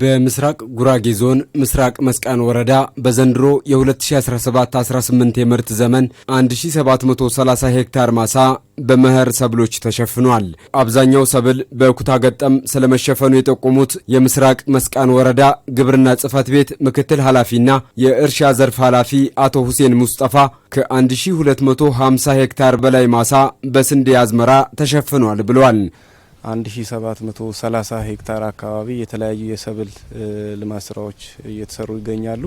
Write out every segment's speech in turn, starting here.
በምስራቅ ጉራጌ ዞን ምስራቅ መስቃን ወረዳ በዘንድሮ የ2017-18 የምርት ዘመን 1730 ሄክታር ማሳ በመኸር ሰብሎች ተሸፍኗል። አብዛኛው ሰብል በኩታ ገጠም ስለመሸፈኑ የጠቆሙት የምስራቅ መስቃን ወረዳ ግብርና ጽሕፈት ቤት ምክትል ኃላፊና የእርሻ ዘርፍ ኃላፊ አቶ ሁሴን ሙስጠፋ ከ1250 ሄክታር በላይ ማሳ በስንዴ አዝመራ ተሸፍኗል ብለዋል። 1730 ሄክታር አካባቢ የተለያዩ የሰብል ልማት ስራዎች እየተሰሩ ይገኛሉ።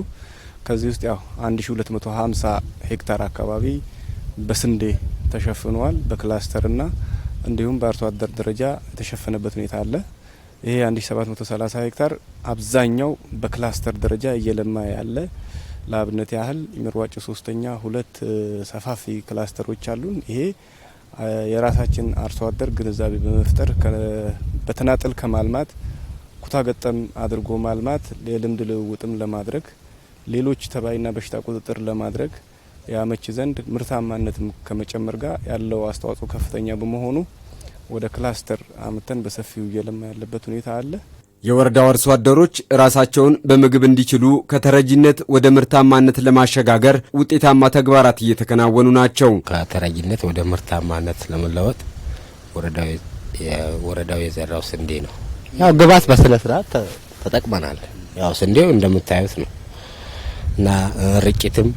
ከዚህ ውስጥ ያው 1250 ሄክታር አካባቢ በስንዴ ተሸፍኗል በክላስተርና እንዲሁም በአርሶ አደር ደረጃ የተሸፈነበት ሁኔታ አለ። ይሄ 1730 ሄክታር አብዛኛው በክላስተር ደረጃ እየለማ ያለ ለአብነት ያህል ምርዋጭ ሶስተኛ ሁለት ሰፋፊ ክላስተሮች አሉን። ይሄ የራሳችን አርሶ አደር ግንዛቤ በመፍጠር በተናጠል ከማልማት ኩታ ገጠም አድርጎ ማልማት የልምድ ልውውጥም ለማድረግ ሌሎች ተባይና በሽታ ቁጥጥር ለማድረግ የአመች ዘንድ ምርታማነትም ከመጨመር ጋር ያለው አስተዋጽኦ ከፍተኛ በመሆኑ ወደ ክላስተር አምተን በሰፊው እየለማ ያለበት ሁኔታ አለ። የወረዳው አርሶ አደሮች ራሳቸውን በምግብ እንዲችሉ ከተረጂነት ወደ ምርታማነት ለማሸጋገር ውጤታማ ተግባራት እየተከናወኑ ናቸው። ከተረጂነት ወደ ምርታማነት ለመለወጥ ወረዳው የዘራው ስንዴ ነው። ያው ግባት በስነ ስርዓት ተጠቅመናል። ያው ስንዴው እንደምታዩት ነው እና ርጭትም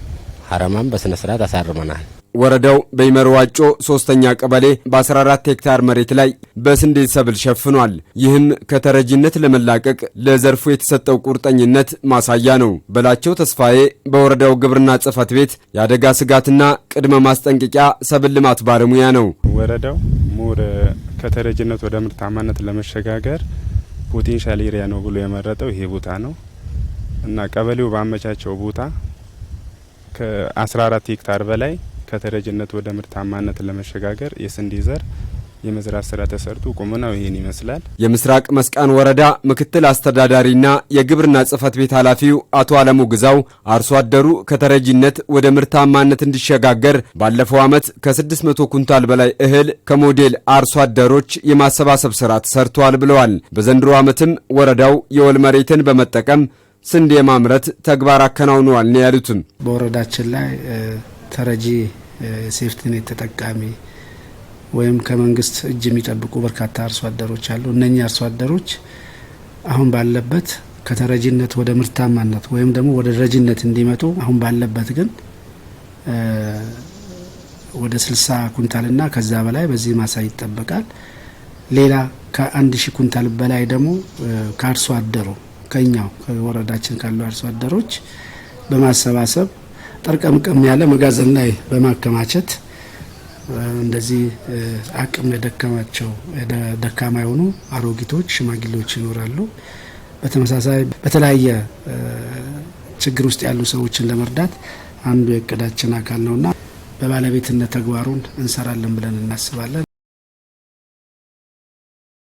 ሀረማም በስነ ስርዓት አሳርመናል። ወረዳው በይመር ዋጮ ሶስተኛ ቀበሌ በ14 ሄክታር መሬት ላይ በስንዴ ሰብል ሸፍኗል። ይህም ከተረጂነት ለመላቀቅ ለዘርፉ የተሰጠው ቁርጠኝነት ማሳያ ነው። በላቸው ተስፋዬ በወረዳው ግብርና ጽሕፈት ቤት የአደጋ ስጋትና ቅድመ ማስጠንቀቂያ ሰብል ልማት ባለሙያ ነው። ወረዳው ሙር ከተረጂነት ወደ ምርታማነት ለመሸጋገር ፖቴንሻል ኤሪያ ነው ብሎ የመረጠው ይሄ ቦታ ነው እና ቀበሌው ባመቻቸው ቦታ ከ14 ሄክታር በላይ ከተረጅነት ወደ ምርታማነት ለመሸጋገር የስንዴ ዘር የመዝራት ስራ ተሰርቶ ቁመናው ይህን ይመስላል። የምስራቅ መስቃን ወረዳ ምክትል አስተዳዳሪና የግብርና ጽህፈት ቤት ኃላፊው አቶ አለሙ ግዛው አርሶ አደሩ ከተረጂነት ወደ ምርታማነት እንዲሸጋገር ባለፈው ዓመት ከ600 ኩንታል በላይ እህል ከሞዴል አርሶ አደሮች የማሰባሰብ ስራ ተሰርቷል ብለዋል። በዘንድሮ ዓመትም ወረዳው የወል መሬትን በመጠቀም ስንዴ ማምረት ተግባር አከናውነዋል ነው ያሉትም በወረዳችን ላይ ተረጂ ሴፍቲኔት ተጠቃሚ ወይም ከመንግስት እጅ የሚጠብቁ በርካታ አርሶ አደሮች አሉ። እነኚህ አርሶ አደሮች አሁን ባለበት ከተረጂነት ወደ ምርታማነት ወይም ደግሞ ወደ ረጂነት እንዲመጡ አሁን ባለበት ግን ወደ ስልሳ ኩንታልና ከዛ በላይ በዚህ ማሳ ይጠበቃል። ሌላ ከአንድ ሺህ ኩንታል በላይ ደግሞ ከአርሶ አደሩ ከኛው ከወረዳችን ካሉ አርሶ አደሮች በማሰባሰብ ጠርቀምቀም ያለ መጋዘን ላይ በማከማቸት እንደዚህ አቅም የደከማቸው ደካማ የሆኑ አሮጊቶች፣ ሽማግሌዎች ይኖራሉ። በተመሳሳይ በተለያየ ችግር ውስጥ ያሉ ሰዎችን ለመርዳት አንዱ የእቅዳችን አካል ነውና በባለቤትነት ተግባሩን እንሰራለን ብለን እናስባለን።